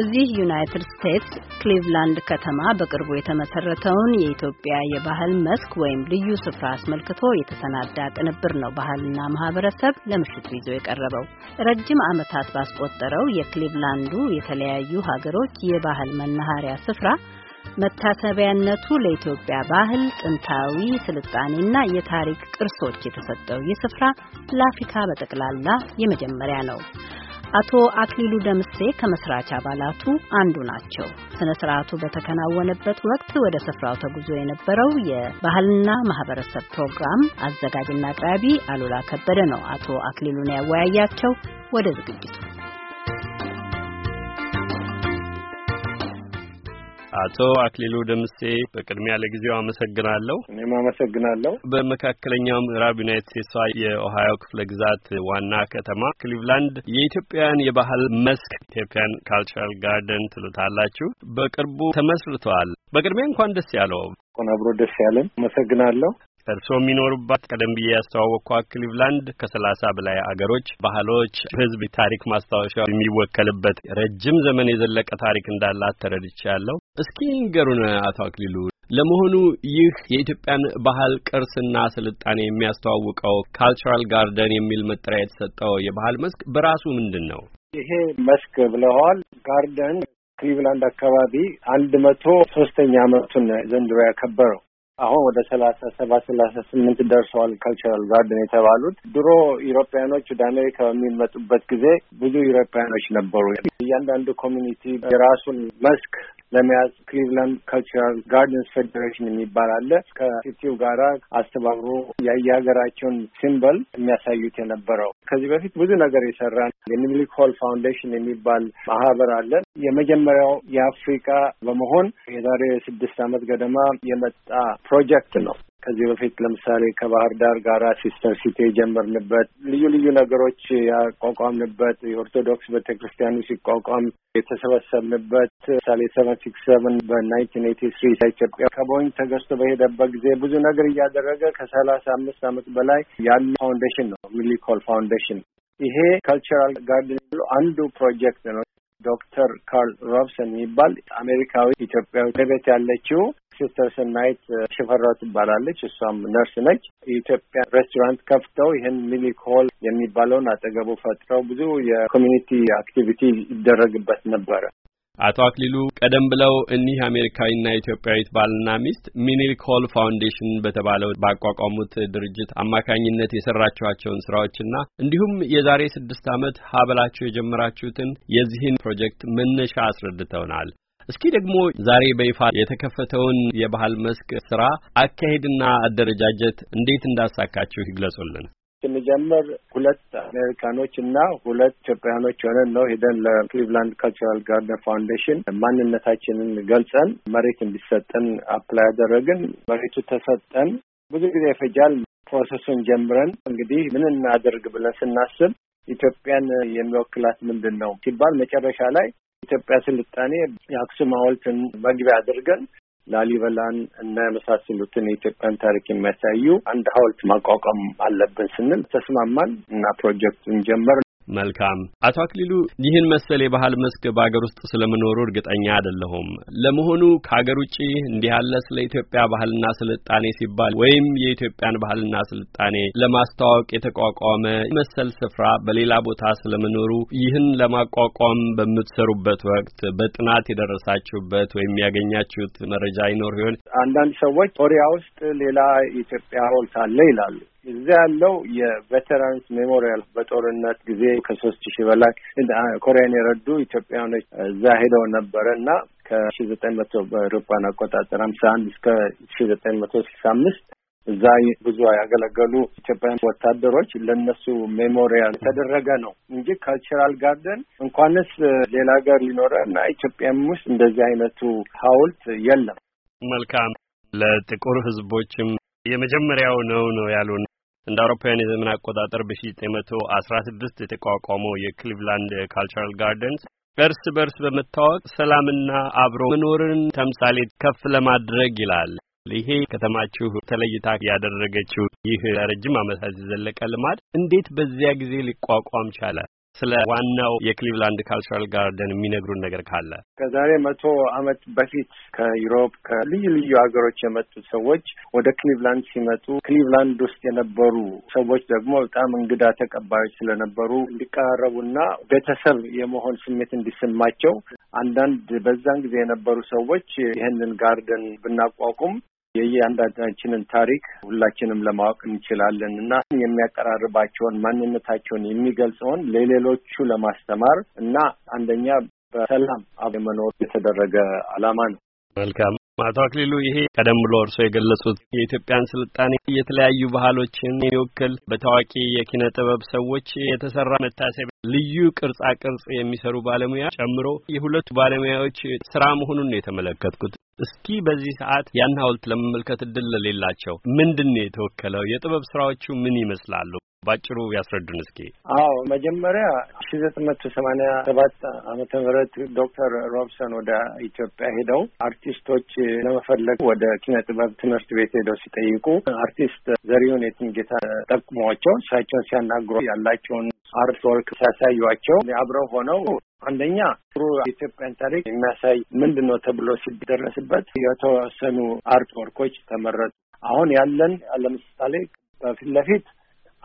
እዚህ ዩናይትድ ስቴትስ ክሊቭላንድ ከተማ በቅርቡ የተመሰረተውን የኢትዮጵያ የባህል መስክ ወይም ልዩ ስፍራ አስመልክቶ የተሰናዳ ቅንብር ነው ባህልና ማህበረሰብ ለምሽቱ ይዞ የቀረበው። ረጅም ዓመታት ባስቆጠረው የክሊቭላንዱ የተለያዩ ሀገሮች የባህል መናኸሪያ ስፍራ መታሰቢያነቱ ለኢትዮጵያ ባህል፣ ጥንታዊ ስልጣኔና የታሪክ ቅርሶች የተሰጠው ይህ ስፍራ ለአፍሪካ በጠቅላላ የመጀመሪያ ነው። አቶ አክሊሉ ደምሴ ከመስራች አባላቱ አንዱ ናቸው። ስነ ስርዓቱ በተከናወነበት ወቅት ወደ ስፍራው ተጉዞ የነበረው የባህልና ማህበረሰብ ፕሮግራም አዘጋጅና አቅራቢ አሉላ ከበደ ነው አቶ አክሊሉን ያወያያቸው። ወደ ዝግጅቱ አቶ አክሊሉ ደምሴ በቅድሚያ ለጊዜው አመሰግናለሁ። እኔም አመሰግናለሁ። በመካከለኛው ምዕራብ ዩናይት ስቴትሷ የኦሃዮ ክፍለ ግዛት ዋና ከተማ ክሊቭላንድ የኢትዮጵያን የባህል መስክ ኢትዮጵያን ካልቸራል ጋርደን ትሉታላችሁ በቅርቡ ተመስርተዋል። በቅድሚያ እንኳን ደስ ያለው። አብሮ ደስ ያለን። አመሰግናለሁ። እርስዎ የሚኖሩባት ቀደም ብዬ ያስተዋወቅኳ ክሊቭላንድ ከሰላሳ በላይ አገሮች፣ ባህሎች፣ ህዝብ ታሪክ ማስታወሻ የሚወከልበት ረጅም ዘመን የዘለቀ ታሪክ እንዳላት ተረድቻለሁ። እስኪ ንገሩን አቶ አክሊሉ ለመሆኑ ይህ የኢትዮጵያን ባህል ቅርስና ስልጣኔ የሚያስተዋውቀው ካልቸራል ጋርደን የሚል መጠሪያ የተሰጠው የባህል መስክ በራሱ ምንድን ነው? ይሄ መስክ ብለዋል። ጋርደን ክሊቭላንድ አካባቢ አንድ መቶ ሶስተኛ ዓመቱን ዘንድሮ ያከበረው አሁን ወደ ሰላሳ ሰባት ሰላሳ ስምንት ደርሰዋል። ካልቸራል ጋርደን የተባሉት ድሮ ኢሮፓያኖች ወደ አሜሪካ በሚመጡበት ጊዜ ብዙ ኢሮፓያኖች ነበሩ። እያንዳንዱ ኮሚኒቲ የራሱን መስክ ለመያዝ ክሊቭላንድ ካልቸራል ጋርደንስ ፌዴሬሽን የሚባል አለ። ከሲቲው ጋራ አስተባብሮ የሀገራቸውን ሲምበል የሚያሳዩት የነበረው ከዚህ በፊት ብዙ ነገር የሰራ የሚኒሊክ ሆል ፋውንዴሽን የሚባል ማህበር አለ። የመጀመሪያው የአፍሪካ በመሆን የዛሬ ስድስት ዓመት ገደማ የመጣ ፕሮጀክት ነው። ከዚህ በፊት ለምሳሌ ከባህር ዳር ጋራ ሲስተር ሲቲ የጀመርንበት ልዩ ልዩ ነገሮች ያቋቋምንበት የኦርቶዶክስ ቤተ ክርስቲያኑ ሲቋቋም የተሰበሰብንበት ምሳሌ ሰቨን ሲክስ ሰቨን በናይንቲን ኤቲ ስሪ ኢትዮጵያ ከቦይንግ ተገዝቶ በሄደበት ጊዜ ብዙ ነገር እያደረገ ከሰላሳ አምስት አመት በላይ ያሉ ፋውንዴሽን ነው ሚሊኮል ፋውንዴሽን። ይሄ ካልቸራል ጋርደን አንዱ ፕሮጀክት ነው። ዶክተር ካርል ሮብሰን የሚባል አሜሪካዊ ኢትዮጵያዊ ቤት ያለችው ሲስተር ስናይት uh, ሽፈራው ትባላለች። እሷም ነርስ ነች። የኢትዮጵያ ሬስቶራንት ከፍተው ይህን ሚሊክ ሆል የሚባለውን አጠገቡ ፈጥረው ብዙ የኮሚኒቲ አክቲቪቲ ይደረግበት ነበረ። አቶ አክሊሉ ቀደም ብለው እኒህ አሜሪካዊና ኢትዮጵያዊት ባልና ሚስት ሚኒልክ ሆል ፋውንዴሽን በተባለው ባቋቋሙት ድርጅት አማካኝነት የሰራችኋቸውን ስራዎችና እንዲሁም የዛሬ ስድስት ዓመት ሀበላችሁ የጀመራችሁትን የዚህን ፕሮጀክት መነሻ አስረድተውናል። እስኪ ደግሞ ዛሬ በይፋ የተከፈተውን የባህል መስክ ስራ አካሄድና አደረጃጀት እንዴት እንዳሳካችሁ ይግለጹልን። ስንጀምር ሁለት አሜሪካኖች እና ሁለት ኢትዮጵያኖች ሆነን ነው ሄደን ለክሊቭላንድ ካልቸራል ጋርደን ፋውንዴሽን ማንነታችንን ገልጸን መሬት እንዲሰጠን አፕላይ ያደረግን። መሬቱ ተሰጠን። ብዙ ጊዜ ይፈጃል። ፕሮሰሱን ጀምረን እንግዲህ ምን እናደርግ ብለን ስናስብ ኢትዮጵያን የሚወክላት ምንድን ነው ሲባል መጨረሻ ላይ ኢትዮጵያ ስልጣኔ የአክሱም ሐውልትን መግቢያ አድርገን ላሊበላን እና የመሳሰሉትን የኢትዮጵያን ታሪክ የሚያሳዩ አንድ ሐውልት ማቋቋም አለብን ስንል ተስማማን እና ፕሮጀክቱን ጀመር። መልካም። አቶ አክሊሉ ይህን መሰል የባህል መስክ በሀገር ውስጥ ስለመኖሩ እርግጠኛ አይደለሁም። ለመሆኑ ከሀገር ውጭ እንዲህ ያለ ስለ ኢትዮጵያ ባህልና ስልጣኔ ሲባል ወይም የኢትዮጵያን ባህልና ስልጣኔ ለማስተዋወቅ የተቋቋመ መሰል ስፍራ በሌላ ቦታ ስለመኖሩ ይህን ለማቋቋም በምትሰሩበት ወቅት በጥናት የደረሳችሁበት ወይም ያገኛችሁት መረጃ ይኖር ይሆን? አንዳንድ ሰዎች ኮሪያ ውስጥ ሌላ ኢትዮጵያ ሀውልት አለ ይላሉ። እዚያ ያለው የቬተራንስ ሜሞሪያል በጦርነት ጊዜ ከሶስት ሺህ በላይ ኮሪያን የረዱ ኢትዮጵያኖች እዛ ሄደው ነበረ እና ከሺ ዘጠኝ መቶ በአውሮፓውያን አቆጣጠር ሀምሳ አንድ እስከ ሺ ዘጠኝ መቶ ስልሳ አምስት እዛ ብዙ ያገለገሉ ኢትዮጵያውያን ወታደሮች ለነሱ ሜሞሪያል የተደረገ ነው እንጂ ካልቸራል ጋርደን እንኳንስ ሌላ ሀገር ሊኖረ እና ኢትዮጵያም ውስጥ እንደዚህ አይነቱ ሀውልት የለም። መልካም ለጥቁር ህዝቦችም የመጀመሪያው ነው ነው ያሉን እንደ አውሮፓውያን የዘመን አቆጣጠር በ1916 የተቋቋመው የክሊቭላንድ ካልቸራል ጋርደንስ እርስ በርስ በመታወቅ ሰላምና አብሮ መኖርን ተምሳሌት ከፍ ለማድረግ ይላል። ይሄ ከተማችሁ ተለይታ ያደረገችው ይህ ረጅም ዓመታት የዘለቀ ልማድ እንዴት በዚያ ጊዜ ሊቋቋም ቻለ? ስለ ዋናው የክሊቭላንድ ካልቸራል ጋርደን የሚነግሩን ነገር ካለ። ከዛሬ መቶ ዓመት በፊት ከዩሮፕ ከልዩ ልዩ ሀገሮች የመጡ ሰዎች ወደ ክሊቭላንድ ሲመጡ ክሊቭላንድ ውስጥ የነበሩ ሰዎች ደግሞ በጣም እንግዳ ተቀባዮች ስለነበሩ እንዲቀራረቡና ቤተሰብ የመሆን ስሜት እንዲሰማቸው አንዳንድ በዛን ጊዜ የነበሩ ሰዎች ይህንን ጋርደን ብናቋቁም የየአንዳንዳችንን ታሪክ ሁላችንም ለማወቅ እንችላለን እና የሚያቀራርባቸውን ማንነታቸውን የሚገልጸውን ለሌሎቹ ለማስተማር እና አንደኛ በሰላም አብሮ መኖር የተደረገ ዓላማ ነው። መልካም አቶ አክሊሉ ይሄ ቀደም ብሎ እርስዎ የገለጹት የኢትዮጵያን ስልጣኔ የተለያዩ ባህሎችን የሚወክል በታዋቂ የኪነ ጥበብ ሰዎች የተሰራ መታሰቢያ ልዩ ቅርጻ ቅርጽ የሚሰሩ ባለሙያ ጨምሮ የሁለቱ ባለሙያዎች ስራ መሆኑን ነው የተመለከትኩት። እስኪ በዚህ ሰዓት ያን ሐውልት ለመመልከት እድል ለሌላቸው ምንድን ነው የተወከለው? የጥበብ ስራዎቹ ምን ይመስላሉ? ባጭሩ ያስረዱን እስኪ። አዎ መጀመሪያ ሺ ዘጠኝ መቶ ሰማኒያ ሰባት አመተ ምህረት ዶክተር ሮብሰን ወደ ኢትዮጵያ ሄደው አርቲስቶች ለመፈለግ ወደ ኪነ ጥበብ ትምህርት ቤት ሄደው ሲጠይቁ አርቲስት ዘሪሁን የትምጌታ ጠቁሟቸው እሳቸውን ሲያናግሩ ያላቸውን አርትወርክ ሲያሳዩቸው አብረው ሆነው አንደኛ ጥሩ የኢትዮጵያን ታሪክ የሚያሳይ ምንድን ነው ተብሎ ሲደረስበት የተወሰኑ አርትወርኮች ተመረጡ። አሁን ያለን ለምሳሌ በፊት ለፊት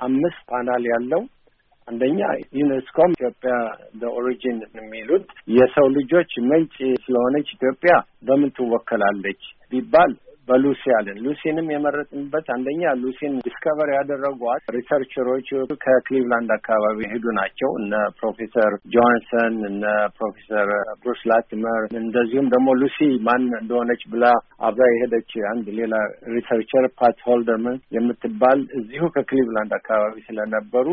አምስት ፓናል ያለው አንደኛ ዩኔስኮም ኢትዮጵያ በኦሪጂን የሚሉት የሰው ልጆች ምንጭ ስለሆነች ኢትዮጵያ በምን ትወከላለች ቢባል በሉሲ አለን። ሉሲንም የመረጥንበት አንደኛ ሉሲን ዲስከቨር ያደረጓት ሪሰርቸሮች ከክሊቭላንድ አካባቢ ሄዱ ናቸው። እነ ፕሮፌሰር ጆንሰን እነ ፕሮፌሰር ብሩስ ላትመር እንደዚሁም ደግሞ ሉሲ ማን እንደሆነች ብላ አብራ የሄደች አንድ ሌላ ሪሰርቸር ፓት ሆልደርመን የምትባል እዚሁ ከክሊቭላንድ አካባቢ ስለነበሩ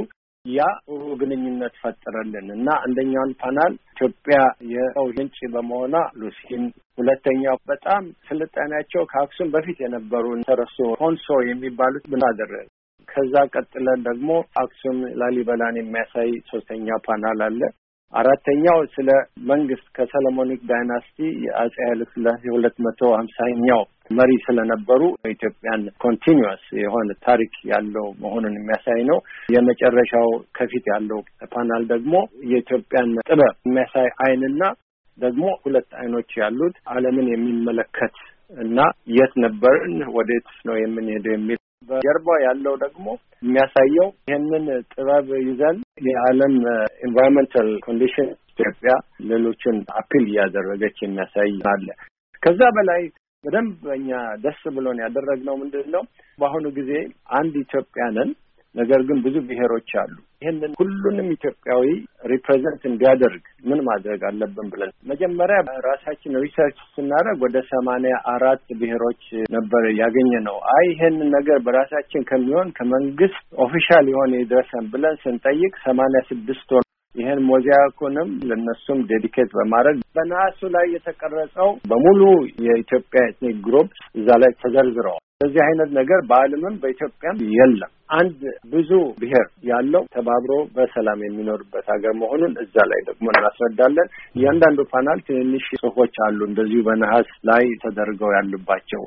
ያ ጥሩ ግንኙነት ፈጠረልን እና አንደኛውን ፓናል ኢትዮጵያ የሰው ምንጭ በመሆኗ ሉሲን፣ ሁለተኛው በጣም ስልጣኔያቸው ከአክሱም በፊት የነበሩ ተረሶ ኮንሶ የሚባሉት ብናደረግ ከዛ ቀጥለን ደግሞ አክሱም ላሊበላን የሚያሳይ ሶስተኛ ፓናል አለ። አራተኛው ስለ መንግስት ከሰለሞኒክ ዳይናስቲ የአጼ ኃይለስላሴ ሁለት መቶ ሀምሳኛው መሪ ስለነበሩ ኢትዮጵያን ኮንቲኒስ የሆነ ታሪክ ያለው መሆኑን የሚያሳይ ነው። የመጨረሻው ከፊት ያለው ፓናል ደግሞ የኢትዮጵያን ጥበብ የሚያሳይ አይንና ደግሞ ሁለት አይኖች ያሉት ዓለምን የሚመለከት እና የት ነበርን ወዴት ነው የምንሄደው የሚል በጀርባ ያለው ደግሞ የሚያሳየው ይህንን ጥበብ ይዘን የዓለም ኤንቫይሮንመንታል ኮንዲሽን ኢትዮጵያ ሌሎችን አፒል እያደረገች የሚያሳይ አለ። ከዛ በላይ በደንብ እኛ ደስ ብሎን ያደረግነው ምንድን ነው፣ በአሁኑ ጊዜ አንድ ኢትዮጵያ ነን፣ ነገር ግን ብዙ ብሔሮች አሉ። ይህንን ሁሉንም ኢትዮጵያዊ ሪፕሬዘንት እንዲያደርግ ምን ማድረግ አለብን ብለን መጀመሪያ ራሳችን ሪሰርች ስናደርግ ወደ ሰማንያ አራት ብሔሮች ነበር ያገኘ ነው። አይ ይህንን ነገር በራሳችን ከሚሆን ከመንግስት ኦፊሻል የሆነ ይድረሰን ብለን ስንጠይቅ ሰማንያ ስድስት ይህን ሞዛይኩንም ለነሱም ዴዲኬት በማድረግ በነሐሱ ላይ የተቀረጸው በሙሉ የኢትዮጵያ ኤትኒክ ግሩፕ እዛ ላይ ተዘርዝረዋል። በዚህ አይነት ነገር በዓለምም በኢትዮጵያም የለም። አንድ ብዙ ብሔር ያለው ተባብሮ በሰላም የሚኖርበት ሀገር መሆኑን እዛ ላይ ደግሞ እናስረዳለን። እያንዳንዱ ፓናል ትንንሽ ጽሑፎች አሉ እንደዚሁ በነሐስ ላይ ተደርገው ያሉባቸው።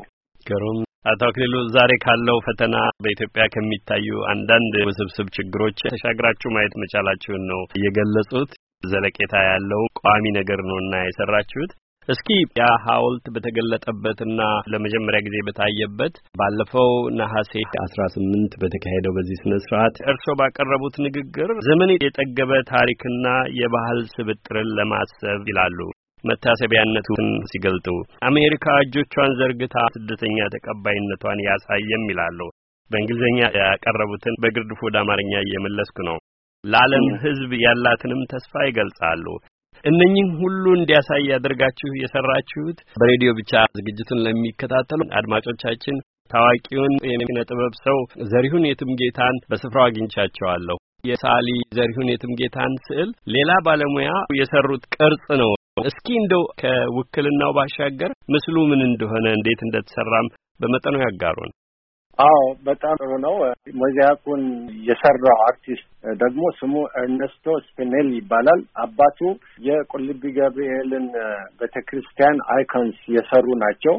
ገሩም አቶ አክሊሉ ዛሬ ካለው ፈተና በኢትዮጵያ ከሚታዩ አንዳንድ ውስብስብ ችግሮች ተሻግራችሁ ማየት መቻላችሁን ነው የገለጹት። ዘለቄታ ያለው ቋሚ ነገር ነውና የሰራችሁት። እስኪ ያ ሐውልት በተገለጠበትና ለመጀመሪያ ጊዜ በታየበት ባለፈው ነሐሴ አስራ ስምንት በተካሄደው በዚህ ስነ ስርዓት እርስዎ ባቀረቡት ንግግር ዘመን የጠገበ ታሪክና የባህል ስብጥርን ለማሰብ ይላሉ መታሰቢያነቱን ሲገልጡ አሜሪካ እጆቿን ዘርግታ ስደተኛ ተቀባይነቷን ያሳየም ይላሉ። በእንግሊዝኛ ያቀረቡትን በግርድፉ ወደ አማርኛ እየመለስኩ ነው። ለዓለም ሕዝብ ያላትንም ተስፋ ይገልጻሉ። እነኚህ ሁሉ እንዲያሳይ ያደርጋችሁ የሰራችሁት በሬዲዮ ብቻ ዝግጅቱን ለሚከታተሉ አድማጮቻችን ታዋቂውን የኪነ ጥበብ ሰው ዘሪሁን የትምጌታን በስፍራው አግኝቻቸዋለሁ። የሳሊ ዘሪሁን የትምጌታን ስዕል ሌላ ባለሙያ የሰሩት ቅርጽ ነው። እስኪ እንደው ከውክልናው ባሻገር ምስሉ ምን እንደሆነ እንዴት እንደተሰራም በመጠኑ ያጋሩን። አዎ በጣም ጥሩ ነው። ሞዛይኩን የሰራው አርቲስት ደግሞ ስሙ ኤርነስቶ ስፒኔል ይባላል። አባቱ የቁልቢ ገብርኤልን ቤተ ክርስቲያን አይኮንስ የሰሩ ናቸው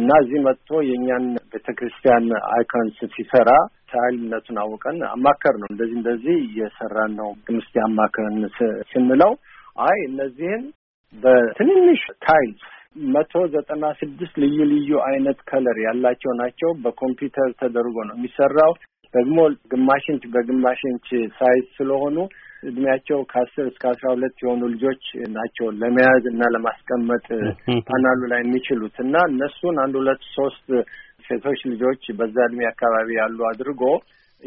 እና እዚህ መጥቶ የእኛን ቤተ ክርስቲያን አይኮንስ ሲሰራ ታይልነቱን አውቀን አማከር ነው። እንደዚህ እንደዚህ እየሰራን ነው ምስቲ አማከርን ስንለው አይ እነዚህን በትንንሽ ታይል መቶ ዘጠና ስድስት ልዩ ልዩ አይነት ከለር ያላቸው ናቸው። በኮምፒውተር ተደርጎ ነው የሚሰራው። ደግሞ ግማሽ ኢንች በግማሽ ኢንች ሳይዝ ስለሆኑ እድሜያቸው ከአስር እስከ አስራ ሁለት የሆኑ ልጆች ናቸው ለመያዝ እና ለማስቀመጥ ፓናሉ ላይ የሚችሉት እና እነሱን አንድ ሁለት ሶስት ሴቶች ልጆች በዛ እድሜ አካባቢ ያሉ አድርጎ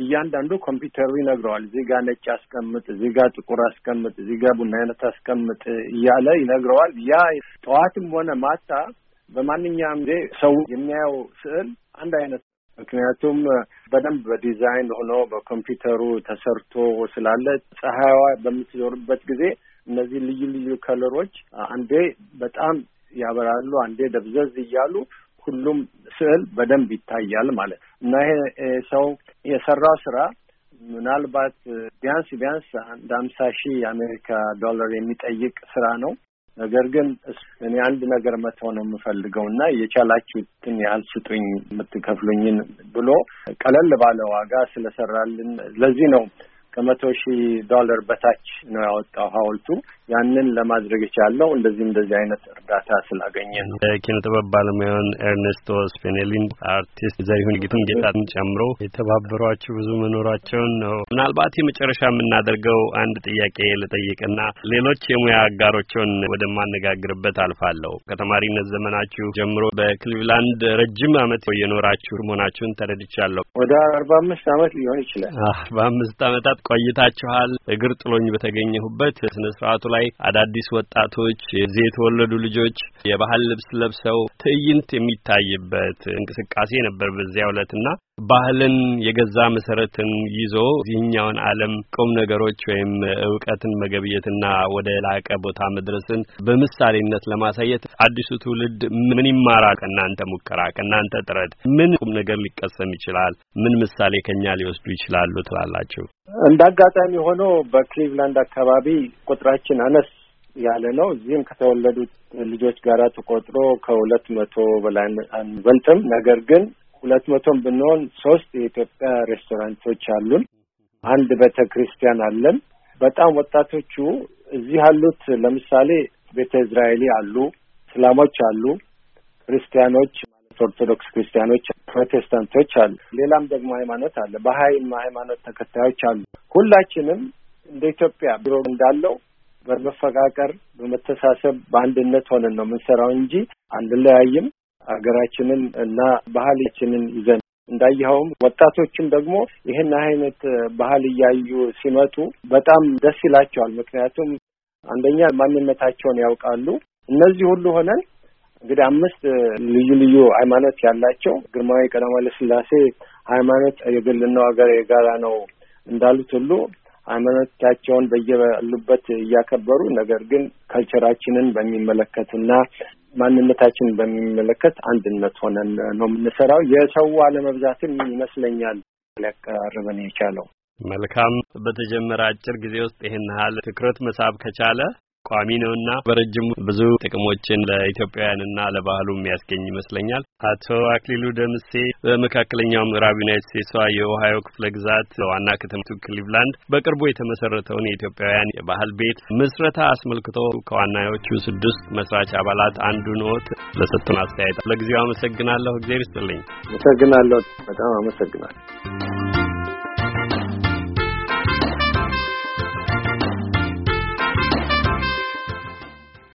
እያንዳንዱ ኮምፒውተሩ ይነግረዋል። እዚህ ጋር ነጭ አስቀምጥ፣ እዚህ ጋር ጥቁር አስቀምጥ፣ እዚህ ጋር ቡና አይነት አስቀምጥ እያለ ይነግረዋል። ያ ጠዋትም ሆነ ማታ በማንኛውም ጊዜ ሰው የሚያየው ስዕል አንድ አይነት ምክንያቱም በደንብ በዲዛይን ሆኖ በኮምፒውተሩ ተሰርቶ ስላለ ፀሐይዋ በምትዞርበት ጊዜ እነዚህ ልዩ ልዩ ከለሮች አንዴ በጣም ያበራሉ፣ አንዴ ደብዘዝ እያሉ ሁሉም ስዕል በደንብ ይታያል ማለት እና ይሄ ሰው የሰራው ስራ ምናልባት ቢያንስ ቢያንስ አንድ አምሳ ሺህ የአሜሪካ ዶላር የሚጠይቅ ስራ ነው። ነገር ግን እኔ አንድ ነገር መተው ነው የምፈልገው እና የቻላችሁትን ያህል ስጡኝ የምትከፍሉኝን ብሎ ቀለል ባለ ዋጋ ስለሰራልን ለዚህ ነው ከመቶ ሺህ ዶላር በታች ነው ያወጣው ሀውልቱ ያንን ለማድረግ የቻለው እንደዚህ እንደዚህ አይነት እርዳታ ስላገኘ ነው። የኪነ ጥበብ ባለሙያን ኤርኔስቶ ስፔኔሊን፣ አርቲስት ዘሪሁን ጌቱን ጌታን ጨምሮ የተባበሯችሁ ብዙ መኖራቸውን ነው። ምናልባት የመጨረሻ የምናደርገው አንድ ጥያቄ ልጠይቅና ሌሎች የሙያ አጋሮችን ወደማነጋግርበት አልፋለሁ። ከተማሪነት ዘመናችሁ ጀምሮ በክሊቭላንድ ረጅም ዓመት የኖራችሁ መሆናችሁን ተረድቻለሁ። ወደ አርባ አምስት አመት ሊሆን ይችላል። አርባ አምስት ዓመታት ቆይታችኋል። እግር ጥሎኝ በተገኘሁበት ስነ ላይ ላይ አዳዲስ ወጣቶች፣ የዚህ የተወለዱ ልጆች የባህል ልብስ ለብሰው ትዕይንት የሚታይበት እንቅስቃሴ ነበር በዚያ ዕለት እና ባህልን የገዛ መሰረትን ይዞ ይህኛውን ዓለም ቁም ነገሮች ወይም እውቀትን መገብየትና ወደ ላቀ ቦታ መድረስን በምሳሌነት ለማሳየት አዲሱ ትውልድ ምን ይማራል? ከእናንተ ሙከራ፣ ከእናንተ ጥረት ምን ቁም ነገር ሊቀሰም ይችላል? ምን ምሳሌ ከኛ ሊወስዱ ይችላሉ ትላላችሁ? እንደ አጋጣሚ ሆኖ በክሊቭላንድ አካባቢ ቁጥራችን አነስ ያለ ነው። እዚህም ከተወለዱት ልጆች ጋር ተቆጥሮ ከሁለት መቶ በላይ አንበልጥም። ነገር ግን ሁለት መቶም ብንሆን ሶስት የኢትዮጵያ ሬስቶራንቶች አሉን። አንድ ቤተ ክርስቲያን አለን። በጣም ወጣቶቹ እዚህ ያሉት ለምሳሌ ቤተ እስራኤሊ አሉ፣ እስላሞች አሉ፣ ክርስቲያኖች ማለት ኦርቶዶክስ ክርስቲያኖች፣ ፕሮቴስታንቶች አሉ። ሌላም ደግሞ ሃይማኖት አለ። በሀይም ሃይማኖት ተከታዮች አሉ። ሁላችንም እንደ ኢትዮጵያ ድሮ እንዳለው በመፈቃቀር በመተሳሰብ በአንድነት ሆነን ነው የምንሰራው እንጂ አንለያይም። ሀገራችንን እና ባህላችንን ይዘን እንዳየኸውም ወጣቶችም ደግሞ ይህን አይነት ባህል እያዩ ሲመጡ በጣም ደስ ይላቸዋል። ምክንያቱም አንደኛ ማንነታቸውን ያውቃሉ። እነዚህ ሁሉ ሆነን እንግዲህ አምስት ልዩ ልዩ ሃይማኖት ያላቸው ግርማዊ ቀዳማዊ ኃይለ ሥላሴ ሃይማኖት የግል ነው፣ ሀገር የጋራ ነው እንዳሉት ሁሉ ሃይማኖታቸውን በየሉበት እያከበሩ ነገር ግን ከልቸራችንን በሚመለከትና ማንነታችንን በሚመለከት አንድነት ሆነን ነው የምንሰራው። የሰው አለመብዛትም ይመስለኛል ሊያቀራርበን የቻለው። መልካም። በተጀመረ አጭር ጊዜ ውስጥ ይህን ያህል ትኩረት መሳብ ከቻለ ቋሚ ነውና በረጅሙ ብዙ ጥቅሞችን ለኢትዮጵያውያንና ለባህሉ የሚያስገኝ ይመስለኛል። አቶ አክሊሉ ደምሴ በመካከለኛው ምዕራብ ዩናይት ስቴትሷ የኦሃዮ ክፍለ ግዛት ዋና ከተማቱ ክሊቭላንድ በቅርቡ የተመሰረተውን የኢትዮጵያውያን የባህል ቤት ምስረታ አስመልክቶ ከዋናዎቹ ስድስት መስራች አባላት አንዱ ኖት ለሰጡን አስተያየት ለጊዜው አመሰግናለሁ። እግዜር ይስጥልኝ። አመሰግናለሁ። በጣም አመሰግናለሁ።